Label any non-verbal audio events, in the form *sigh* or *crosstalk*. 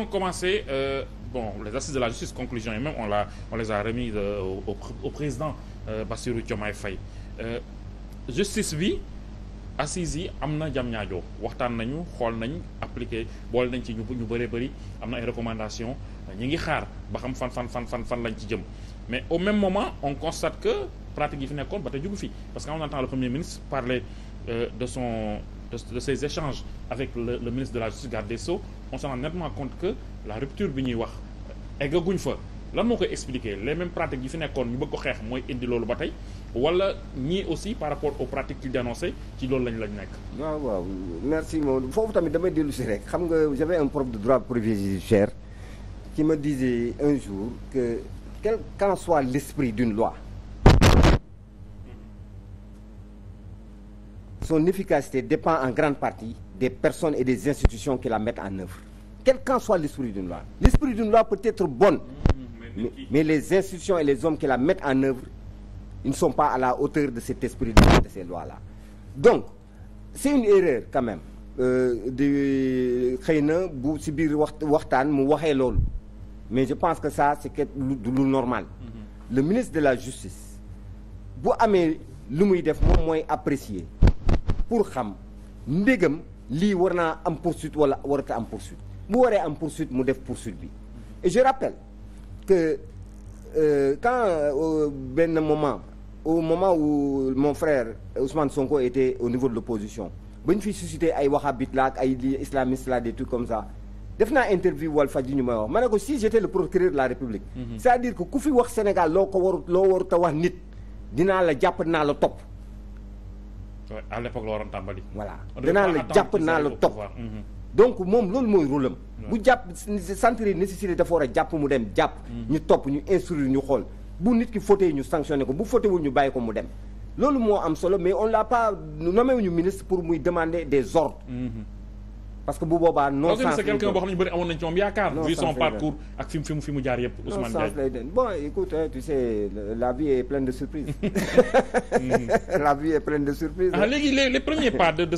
On commencé, euh, bon, les assises de la justice, conclusion, et même on, l'a, on les a remises euh, au, au, président euh, Bassirou Diomaye Faye. Euh, justice bi assises yi am na jam ñaajoo waxtaan nañu xool nañ appliqué boole nañ ci ñu ñu bëree bëri am na ay recommandation ñi ngi xaar ba xam fan fan fan fan fan lañ ci jëm mais au même moment on constate que pratique yi fi nekkoon ba tey jugu fi parce que on entend le premier ministre parler euh, de son de, de ces échanges avec le, le ministre de la justice garde des Sceaux on se rend nettement compte que la rupture bi ñuy wax euh, eggaguñ fa lan moo koy expliquer les mêmes pratiques yi fi nekkoon ñu bëgg ko xeex mooy indi loolu ba tey wala ñii aussi par rapport aux pratiques qu'il dénonçait ci loolu lañ lañ nekk. waaw waaw merci Maodo foofu tamit damay dellu si rek xam nga j'avais un prof de droit privé judiciaire qui me disait un jour que quel qu'en soit l'esprit d'une loi. son efficacité dépend en grande partie des personnes et des institutions qui la mettent en œuvre. Quel soit l'esprit d'une loi. L'esprit d'une loi peut être bonne, mais, les institutions et les hommes qui la mettent en œuvre, ils ne sont pas à la hauteur de cet esprit de, loi, ces lois-là. Donc, c'est une erreur quand même. Euh, de xëy na bu si biir waxtaan mu waxee loolu mais je pense que ça c'est que lu normal. Mm-hmm. le ministre de la justice bu ame lu muy def pour xam ndégam lii war naa am poursuite wala warata am poursuite bu waree am poursuite mu def poursuite bi et je rappelle que euh, quand euh, benn moment au moment wu mon frère Ousmane Sonko était au niveau de l'opposition ba ñu fi suscité ay wahhabite la ak ay li islamiste la des trucs comme ça def naa interview Walfadjri ñu may wax ma ne ko si j'étais le procureur la République mhm. c'est-à-dire que ku fi wax Sénégal loo ko warut loo warut a wax nit dinaa la jàpp dinaa la topp à l'époque la waroon tàmbali. voilà danaa la jàpp naa la topp. Mhm. donc moom loolu mooy rôle am. bu jàpp sentir nécessité dafa war a jàpp mu dem jàpp. Mhm. ñu topp ñu instruire ñu xool bu nit ki faute ñu sanctionné ko bu faute ñu bàyyi ko mu dem. loolu moo am solo mais on l'a pas nommé ñu ministre pour muy demande des ordres. Mhm. parce que bu boobaa non sens c'est quelqu'un boo xam ne ñu bëri amoon nañ ci moom yaakaar vu son parcours ak fi mu fi mu jaar yëpp Ousmane Diagne bon écoute tu sais la vie est pleine de surprises *laughs* mhm. *laughs* la vie est pleine de surprises ah, les premiers pas